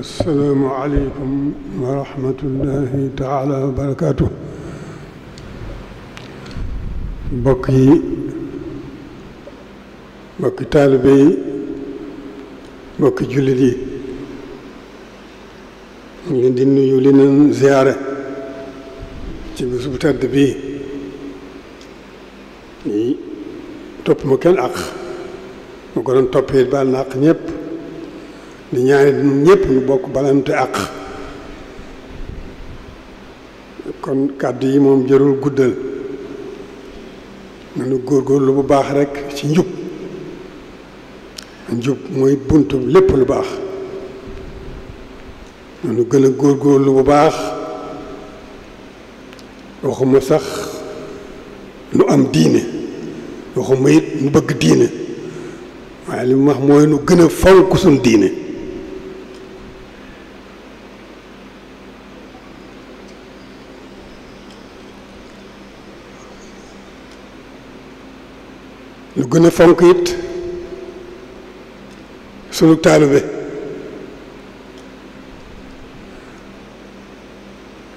assalaamu aleykum wa rahmatullahi wa barakaatu mbokk yi mbokki taalibe yi mbokki jullit yi ñu ngi di nuyu li leen ziyaare ci bés bu tedd bii topp ma kenn àq ma ko doon toppee baal na àq ñëpp di ñaanit ñun ñëpp ñu bokk balante àq kon kàddu yi moom jërul guddal góor góorlu bu baax rekk ci njub njub mooy buntu lépp lu baax nanu gën a góorlu bu baax waxuma sax nu am diine waxuma it nu bëgg diine waaye li mu wax mooy nu gën a fonk suñ diine lu gën a fonk it sunu bi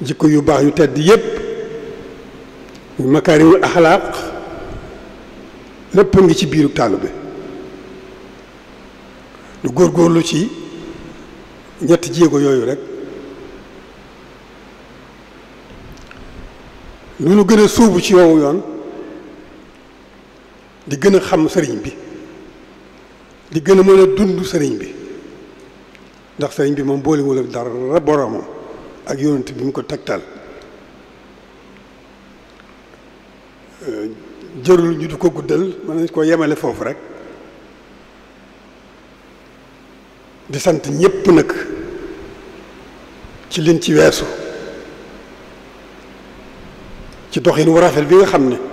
jikko yu baax yu tedd yépp muy makaarimul axlaaq lépp ngi ci biiru taalube lu góorlu ci ñetti jéego yooyu rekk lu nu gën a suubu ci yowu yoon di gën a xam sëriñ bi di gën a mën a dund sëriñ bi ndax sëriñ bi moom boolewul ak dara boromam ak yonent bi mu ko tegtal jërul ñu du ko guddal mën nañ koo yemale foofu rek di sant ñépp nag ci liñ ci weesu ci doxin wu rafet bi nga xam ne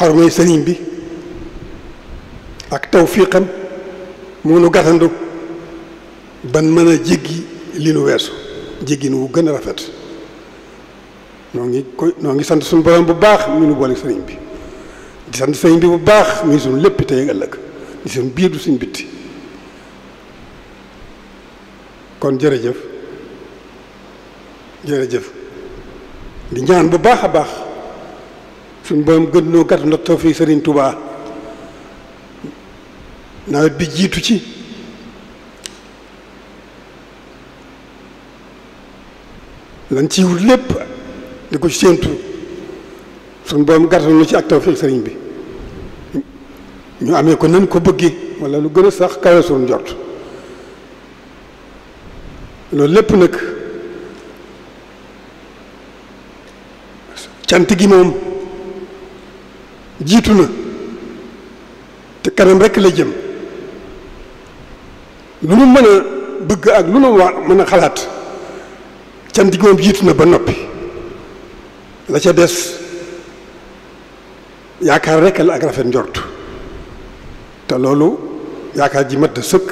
xormay sëriñ bi ak tawfiqam mu nu gàttandu ban mën a jéggi li nu weesu jéggin wu gën a rafet noo ngi koy noo ngi sant suñu borom bu baax mu nu boole sëriñ bi di sant sëriñ bi bu baax muy suñu lépp tey ak ëllëg di suñu biir du suñ bitti kon jërëjëf jërëjëf di ñaan bu baax a baax suñ borom gën noo gàtt ndox tawfeex sëriñ Touba nawet bi jiitu ci lan ci wut lépp di ko ci séentu suñ borom gàtt nu ci ak tawfeex sëriñ bi ñu amee ko nan ko bëggee walla lu gën a sax kawe suñ jot loolu lépp nag cant gi moom jiitu na te kanam rekk la jëm lu nu mën a bëgg ak lu nu wa mën a xalaat cant gi moom jiitu na ba noppi la ca des yaakaar rekk la ak rafet njort te loolu yaakaar ji mat da sëkk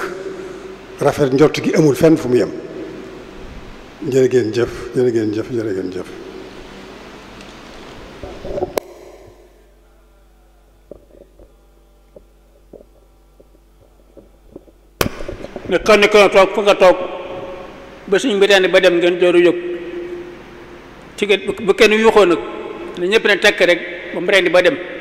rafet njort gi amul fenn fu mu yem jërë ngeen jëf jërë ngeen jëf jërë ngeen jëf ne kon ne kon toog fa nga toog ba suñ mbitaani ba dem ngeen dooru yóg ci bu kenn yuuxoo nag ne ñëpp ne tekk rek ba mu rendi ba dem